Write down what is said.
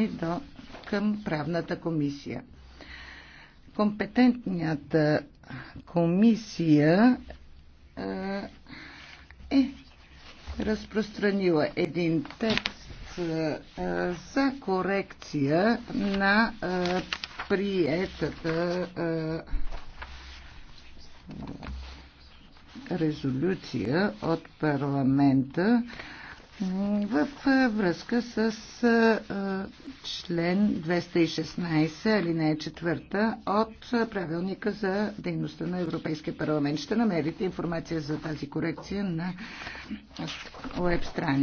и е до, към правната комисия. Компетентната комисия е разпространила един текст за корекция на приетата резолюция от парламента в връзка с член 216, алинея 4 от правилника за дейността на Европейския парламент. Ще намерите информация за тази корекция на веб страница.